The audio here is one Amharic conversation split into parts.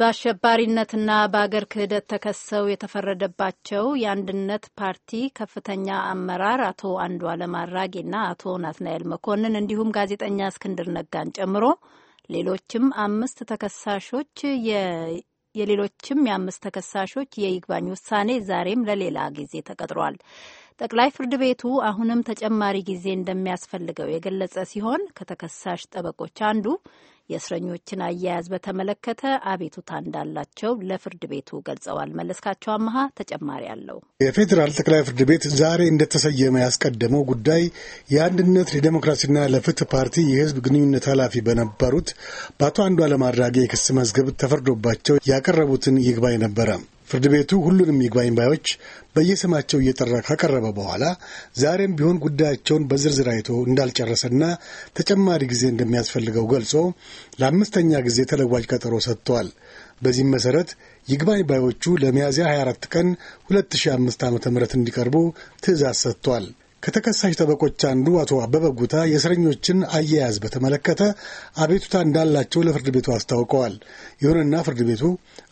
በአሸባሪነትና በአገር ክህደት ተከሰው የተፈረደባቸው የአንድነት ፓርቲ ከፍተኛ አመራር አቶ አንዱዓለም አራጌና አቶ ናትናኤል መኮንን እንዲሁም ጋዜጠኛ እስክንድር ነጋን ጨምሮ ሌሎችም አምስት ተከሳሾች የሌሎችም የአምስት ተከሳሾች የይግባኝ ውሳኔ ዛሬም ለሌላ ጊዜ ተቀጥሯል። ጠቅላይ ፍርድ ቤቱ አሁንም ተጨማሪ ጊዜ እንደሚያስፈልገው የገለጸ ሲሆን ከተከሳሽ ጠበቆች አንዱ የእስረኞችን አያያዝ በተመለከተ አቤቱታ እንዳላቸው ለፍርድ ቤቱ ገልጸዋል። መለስካቸው አመሃ ተጨማሪ አለው። የፌዴራል ጠቅላይ ፍርድ ቤት ዛሬ እንደተሰየመ ያስቀደመው ጉዳይ የአንድነት ለዲሞክራሲና ለፍትህ ፓርቲ የህዝብ ግንኙነት ኃላፊ በነበሩት በአቶ አንዱዓለም አራጌ የክስ መዝገብ ተፈርዶባቸው ያቀረቡትን ይግባኝ ነበረ። ፍርድ ቤቱ ሁሉንም ይግባኝ ባዮች በየስማቸው እየጠራ ካቀረበ በኋላ ዛሬም ቢሆን ጉዳያቸውን በዝርዝር አይቶ እንዳልጨረሰና ተጨማሪ ጊዜ እንደሚያስፈልገው ገልጾ ለአምስተኛ ጊዜ ተለዋጭ ቀጠሮ ሰጥቷል። በዚህም መሰረት ይግባኝ ባዮቹ ለሚያዝያ 24 ቀን 2005 ዓ ም እንዲቀርቡ ትእዛዝ ሰጥቷል። ከተከሳሽ ጠበቆች አንዱ አቶ አበበ ጉታ የእስረኞችን አያያዝ በተመለከተ አቤቱታ እንዳላቸው ለፍርድ ቤቱ አስታውቀዋል። ይሁንና ፍርድ ቤቱ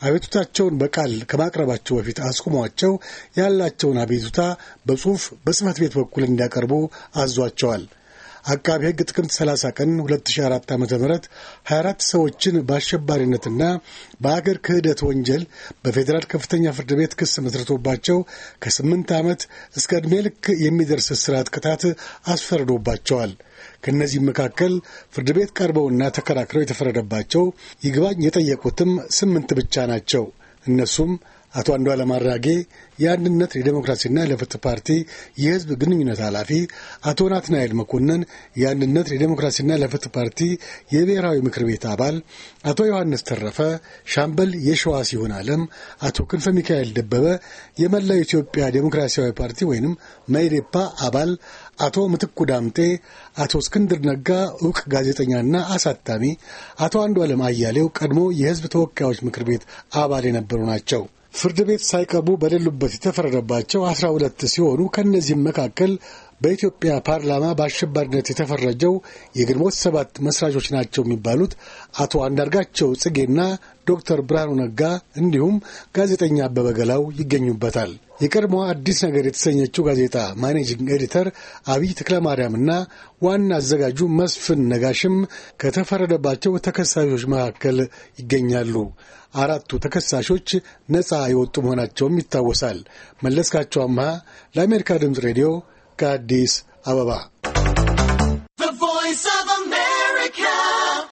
አቤቱታቸውን በቃል ከማቅረባቸው በፊት አስቁሟቸው ያላቸውን አቤቱታ በጽሁፍ በጽህፈት ቤት በኩል እንዲያቀርቡ አዟቸዋል። አቃቢ ሕግ ጥቅምት 30 ቀን 2004 ዓ ም 24 ሰዎችን በአሸባሪነትና በአገር ክህደት ወንጀል በፌዴራል ከፍተኛ ፍርድ ቤት ክስ መስርቶባቸው ከ8 ዓመት እስከ ዕድሜ ልክ የሚደርስ እስራት ቅጣት አስፈርዶባቸዋል። ከእነዚህም መካከል ፍርድ ቤት ቀርበውና ተከራክረው የተፈረደባቸው ይግባኝ የጠየቁትም ስምንት ብቻ ናቸው። እነሱም አቶ አንዱዓለም አራጌ የአንድነት የዴሞክራሲና ለፍትህ ፓርቲ የህዝብ ግንኙነት ኃላፊ፣ አቶ ናትናኤል መኮንን የአንድነት የዴሞክራሲና ለፍትህ ፓርቲ የብሔራዊ ምክር ቤት አባል፣ አቶ ዮሐንስ ተረፈ፣ ሻምበል የሸዋ ሲሆን አለም፣ አቶ ክንፈ ሚካኤል ደበበ የመላው ኢትዮጵያ ዴሞክራሲያዊ ፓርቲ ወይንም መኢዴፓ አባል፣ አቶ ምትኩ ዳምጤ፣ አቶ እስክንድር ነጋ እውቅ ጋዜጠኛና አሳታሚ፣ አቶ አንዱዓለም አያሌው ቀድሞ የህዝብ ተወካዮች ምክር ቤት አባል የነበሩ ናቸው። ፍርድ ቤት ሳይቀርቡ በሌሉበት የተፈረደባቸው አስራ ሁለት ሲሆኑ ከእነዚህም መካከል በኢትዮጵያ ፓርላማ በአሸባሪነት የተፈረጀው የግንቦት ሰባት መስራቾች ናቸው የሚባሉት አቶ አንዳርጋቸው ጽጌና ዶክተር ብርሃኑ ነጋ እንዲሁም ጋዜጠኛ አበበ ገላው ይገኙበታል። የቀድሞ አዲስ ነገር የተሰኘችው ጋዜጣ ማኔጂንግ ኤዲተር አብይ ተክለማርያምና ዋና አዘጋጁ መስፍን ነጋሽም ከተፈረደባቸው ተከሳሾች መካከል ይገኛሉ። አራቱ ተከሳሾች ነፃ የወጡ መሆናቸውም ይታወሳል። መለስካቸው አምሃ ለአሜሪካ ድምፅ ሬዲዮ ከአዲስ አበባ